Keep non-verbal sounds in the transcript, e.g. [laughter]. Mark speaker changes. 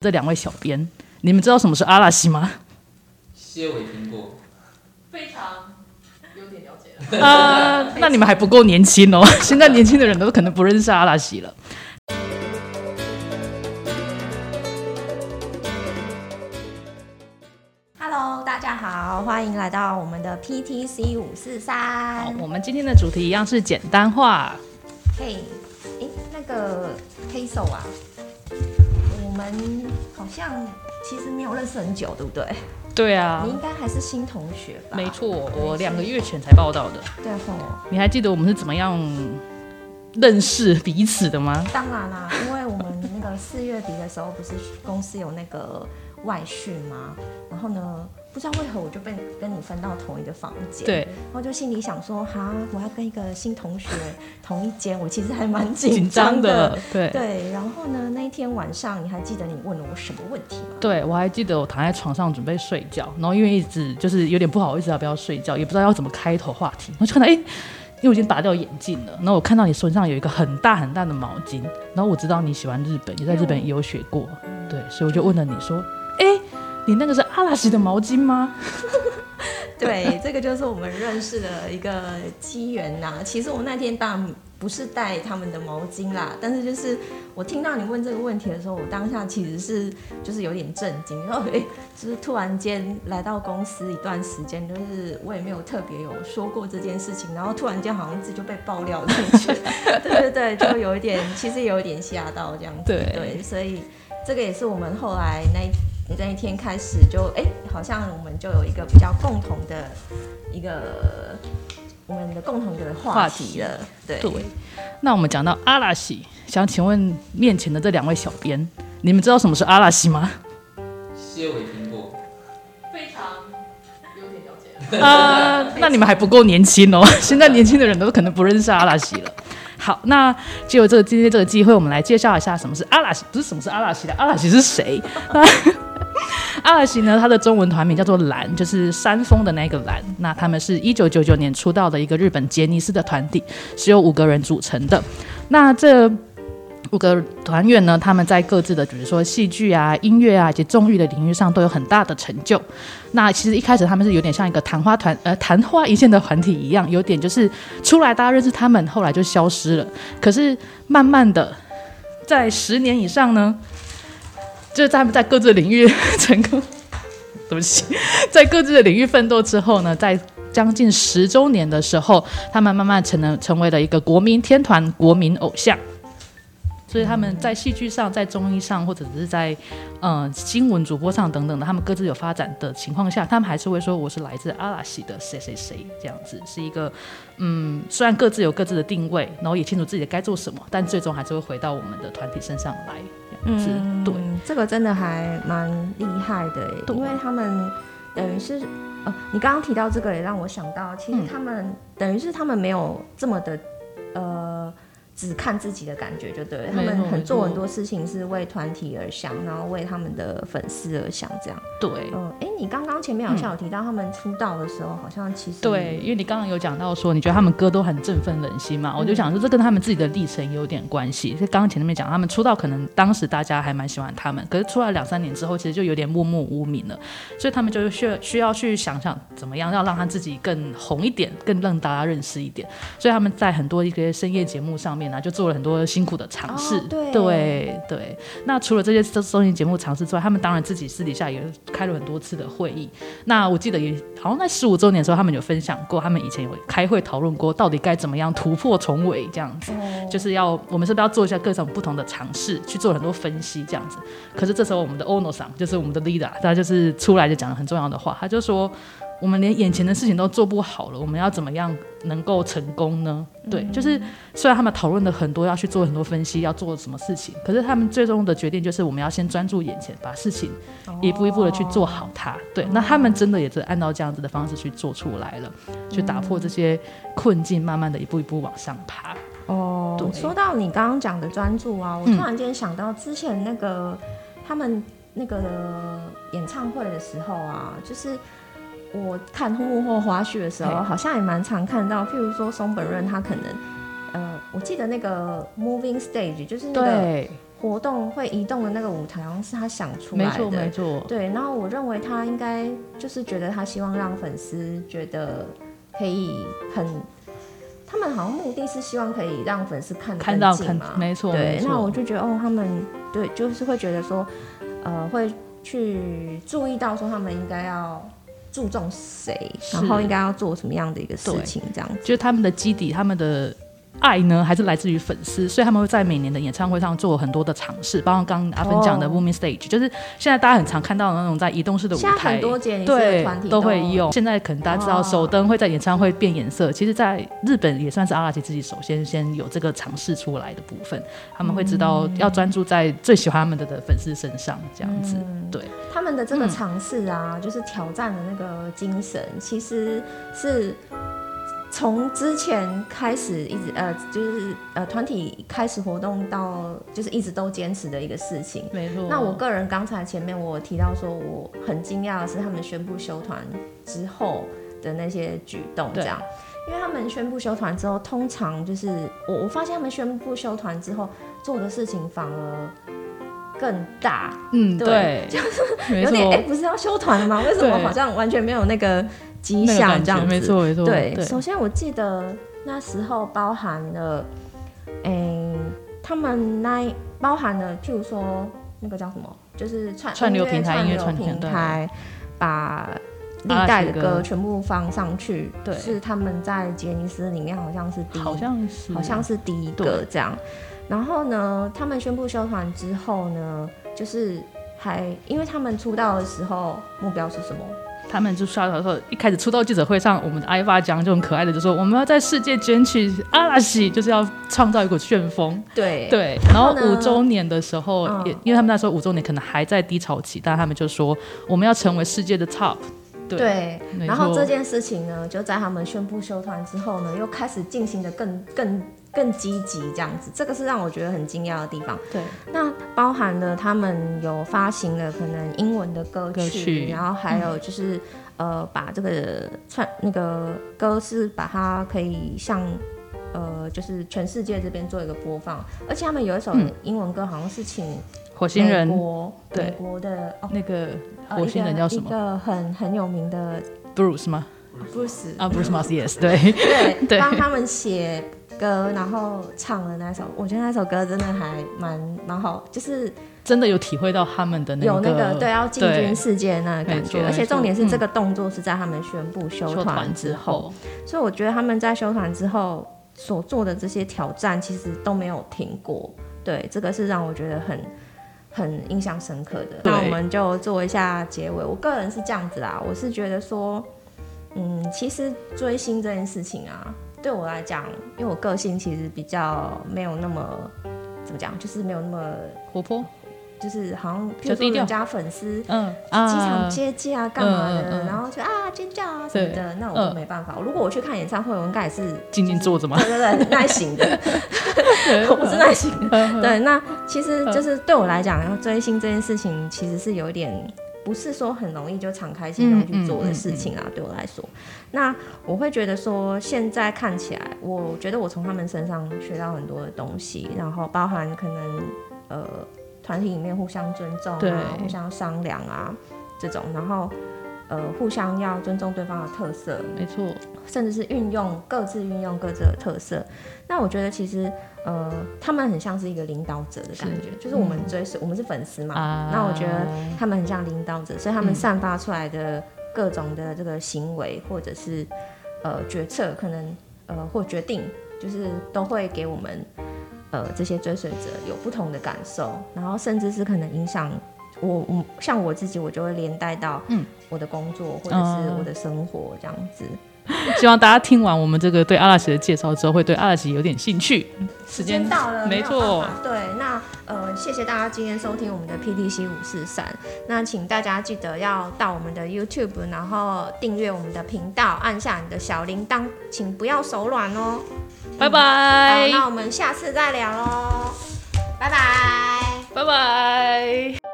Speaker 1: 這兩位小編，你們知道什麼是阿拉西嗎？些我聽過，非常有點了解了。 [laughs] 啊，那你們還不夠年輕哦， [laughs] [laughs] 現在年輕的人都可能不認識阿拉西了。
Speaker 2: Hello，大家好，歡迎來到我們的 PTC 五四三。
Speaker 1: 我們今天的主題一樣是簡單化。嘿，
Speaker 2: 哎，那個黑手啊。我們好像其實沒有認識很久，對不對？對啊，你應該還是新同學吧？
Speaker 1: 沒錯，我兩個月前才報到的。對哦，你還記得我們是怎麼樣認識彼此的嗎？
Speaker 2: 當然啦，因為我們那個四月底的時候，不是公司有那個外訓嗎？然後呢？不知道為何我就被跟你分到同一個房間，對，然後就心裡想說哈，我要跟一個新同學同一間， [laughs] 我其實還蠻緊張的，對對。然後呢，那一天晚上，你還記得你問了我
Speaker 1: 什麼問題嗎？對，我還記得我躺在床上準備睡覺，然後因為一直就是有點不好意思要不要睡覺，也不知道要怎麼開頭話題，我就看到哎、欸，因為我已經拔掉眼鏡了，然後我看到你身上有一個很大很大的毛巾，然後我知道你喜歡日本，你在日本也有學過，對，所以我就問了你說，哎、欸，你那個是？阿拉洗的毛巾嗎？ [laughs] 對，
Speaker 2: 這個就是我們認識的一個機緣吶。其實我那天當然不是帶他們的毛巾啦，但是就是我聽到你問這個問題的時候，我當下其實是就是有點震驚。然後哎，就是突然間來到公司一段時間，就是我也沒有特別有說過這件事情，然後突然間好像自己就被爆料出去， [laughs] 對對對，就有一點，其實有一點嚇到這樣子。對，對，所以這個也是我們後來那一。從這一天開始就，就、欸、哎，好像我們就有一個比較共同的一個我們的共同的話題了，題對，
Speaker 1: 對那我們講到阿拉西，想請問面前的這兩位小編，你們知道什麼是阿拉西嗎？稍微聽過，非常有點了解了。啊、 [laughs] [laughs] 呃，那你們還不夠年輕哦， [laughs] 現在年輕的人都可能不認識阿拉西了。好，那借由這個今天這個機會，我們來介紹一下什麼是阿拉西，不是什麼是阿拉西的阿拉西是誰？ [laughs] [laughs] 阿爾西呢？它的中文團名叫做“嵐，就是山峰的那個“嵐。那他們是一九九九年出道的一個日本傑尼斯的團體，是由五個人組成的。那這五個團員呢，他們在各自的比如說戲劇啊、音樂啊以及綜藝的領域上都有很大的成就。那其實一開始他們是有點像一個曇花團呃曇花一現的團體一樣，有點就是出來大家認識他們，後來就消失了。可是慢慢的，在十年以上呢，就是在他們在各自的領域 [laughs] 成功，對不起，在各自的領域奮鬥之後呢，在將近十週年的時候，他們慢慢成了成為了一個國民天團、國民偶像。所以他們在戲劇上、在綜藝上，或者是在嗯、呃、新聞主播上等等的，他們各自有發展的情況下，他們還是會說我是來自阿拉西的誰誰誰這樣子，是一個嗯，雖然各自有各自的定位，然後也清楚自己該做什麼，但最終還是會回到我們的團體身上來。嗯，
Speaker 2: 對嗯，這個真的還蠻厲害的耶，因為他們等於是呃、啊，你剛剛提到這個也讓我想到，其實他們、嗯、等於是他們沒有這麼的。只看自己的感覺就對了，對。他們很做很多事情是為團體而想，然後為他
Speaker 1: 們的粉絲而想，這樣。
Speaker 2: 對。嗯，哎、欸，你剛剛前面好像有提到，他們出道的時候、嗯、好像其實對，因
Speaker 1: 為你剛剛有講到說，你覺得他們歌都很振奮人心嘛、嗯，我就想說這跟他們自己的歷程有點關係。所以剛剛前面講，他們出道可能當時大家還蠻喜歡他們，可是出來兩三年之後，其實就有點默默無名了，所以他們就需要需要去想想怎麼樣要讓他自己更紅一點、嗯，更讓大家認識一點。所以他們在很多一些深夜節目上面、嗯。嗯那就做了很多辛苦的嘗試、哦，對對對。那除了這些綜藝節目嘗試之外，他們當然自己私底下也開了很多次的會議。那我記得也好像在十五周年的時候，他們有分享過，他們以前有開會討論過，到底該怎麼樣突破重圍這樣子，哦、就是要我們是不是要做一下各種不同的嘗試，去做很多分析這樣子。可是這時候，我們的大野さん就是我們的 leader，他就是出來就講了很重要的話，他就說。我們連眼前的事情都做不好了，我們要怎麼樣能夠成功呢？對、嗯，就是雖然他們討論了很多，要去做很多分析，要做什麼事情，可是他們最終的決定就是我們要先專注眼前，把事情一步一步的去做好它。它、哦、對、哦，那他們真的也是按照這樣子的方式去做出來了、嗯，去打破這些困境，慢慢的一步一步往上爬。哦，說
Speaker 2: 到你剛剛講的專注啊，我突然間想到之前那個他們那個演唱會的時候啊，就是。我看幕後花絮的時候，好像也蠻常看到，譬如說松本潤，他可能，呃，我記得那個 moving stage，就是那個活動會移動的那個舞台，好像是他想
Speaker 1: 出來的。沒錯沒錯。
Speaker 2: 對，然後我認為他應該就是覺得他希望讓粉絲覺得可以很，他們好像目的是希望可以讓粉絲看，看到景嘛，沒錯。對，那我就覺得哦，他們對，就是會覺得說，呃，會去注意到說他們應該要。注重誰，然後應該要做
Speaker 1: 什麼樣的一個事情，這樣子，是，對，就是他們的基底，他們的。愛呢，還是來自於粉絲，所以他們會在每年的演唱會上做很多的嘗試，包括剛剛阿芬講的 Woman Stage、哦、就是現在大家很常看到的那種在移動式的舞台在很多團體，對，都會用。現在可能大家知道，手燈會在演唱會變顏色，哦，其實，在日本也算是阿拉奇自己首先先有這個嘗試出來的部分。他們會知道要專注在最喜歡他們的的粉絲身上，這樣子，嗯。對，
Speaker 2: 他們的這個嘗試啊，嗯，就是挑戰的那個精神，其實是。從之前開始一直呃，就是呃團體開始活動到就是一直都堅持的一個事情。沒錯。那我個人剛才前面我有提到說，我很驚訝的是他們宣布休團之後的那些舉動，這樣。對。因為他們宣布休團之後，通常就是我我發現他們宣布休團之後做的事情反而更大。嗯，對。就是 [laughs] 有點哎、欸，不是要休團了嗎？為什麼好像完全沒有那個？吉祥這樣子，沒錯沒錯。對，首先我記得那時候包含了，嗯，他們那一包含了，譬如說那個叫什麼，就是串串流平台，音樂串流平台，把歷代的歌全部放上去。對，是他們在傑尼斯裡面好像是好像是好像是第一個這樣。然後呢，他們宣布休團之後呢，就是還因為他們出道的時候目標是什麼？
Speaker 1: 他們就刷到說，一開始出道記者會上，我們的 Aiba 講就很可愛的就是說，我們要在世界卷起阿拉西，就是要創造一股旋風。對對，然後五周年的時候，也因為他們那時候五周年可能還在低潮期，嗯、但他們就說我們要成為世界的 top 對。對，然後這件
Speaker 2: 事情呢，就在他們宣布休團之後呢，又開始進行的更更。更積極這樣子，這個是讓我覺得很驚訝的地方。對，那包含了他們有發行了可能英文的歌曲，歌曲然後還有就是、嗯、呃，把這個串那個歌是把它可以向呃，就是全世界這邊做一個播放。而且他們有一首英文歌，好像是請美國、嗯、火星人，美國,美國的、哦、那個,火星,、呃、個,個的火星人叫什麼？一個很很有名的、哦、Bruce 嗎？Bruce 啊，布魯斯馬斯，yes，對對對，幫他們寫。歌，然後唱了那首，我覺得那首歌真的還蠻蠻好，就是
Speaker 1: 真的有體會到他們的那，有那個對，要進軍世界的那個感覺，而且重點是這個
Speaker 2: 動作是在他們宣布休團之後、嗯、之後，所以我覺得他們在休團之後所做的這些挑戰，其實都沒有停過。對，這個是讓我覺得很很印象深刻的。那我們就做一下結尾，我個人是這樣子啊，我是覺得說，嗯，其實追星這件事情啊。對我來講，因為我個性其實比較沒有那麼怎麼講，就是沒有那麼活潑，就是好像比如說人家粉絲嗯去機場接機啊、嗯、幹嘛的，嗯嗯、然後就啊尖叫啊對什麼的，那我就沒辦法、嗯。如果我去看演唱會，我應該也是、就是、
Speaker 1: 靜靜坐着嘛，對對對，耐心的，
Speaker 2: [laughs] 對 [laughs] 我是耐心的。對，那其實就是對我來講，要追星這件事情其實是有點。不是說很容易就敞開心胸去做的事情啊、嗯嗯嗯嗯，對我來說，那我會覺得說，現在看起來，我覺得我從他們身上學到很多的東西，然後包含可能呃，團體裡面互相尊重啊，互相商量啊這種，然後。呃，互相要尊重對方的特色，沒錯，甚至是運用各自運用各自的特色。那我覺得其實呃，他們很像是一個領導者的感覺，是就是我們追隨、嗯、我們是粉絲嘛、嗯，那我覺得他們很像領導者，所以他們散發出來的各種的這個行為、嗯、或者是呃決策，可能呃或決定，就是都會給我們呃這些追隨者有不同的感受，然後甚至是可能影響。我我像我自己，我就會連帶到嗯我的工作、嗯、或者是我的生活這樣子。
Speaker 1: 希望大家聽完我們這個對阿拉奇的介紹之後，會對阿拉奇有點興趣。時間到了，沒錯。
Speaker 2: 對，那呃謝謝大家今天收聽我們的 PTC 五四三。那請大家記得要到我們的 YouTube，然後訂閱我們的頻道，按下你的小鈴鐺，請不要手軟哦、喔。拜拜、嗯，那我們下次再聊嘍。拜拜，拜拜。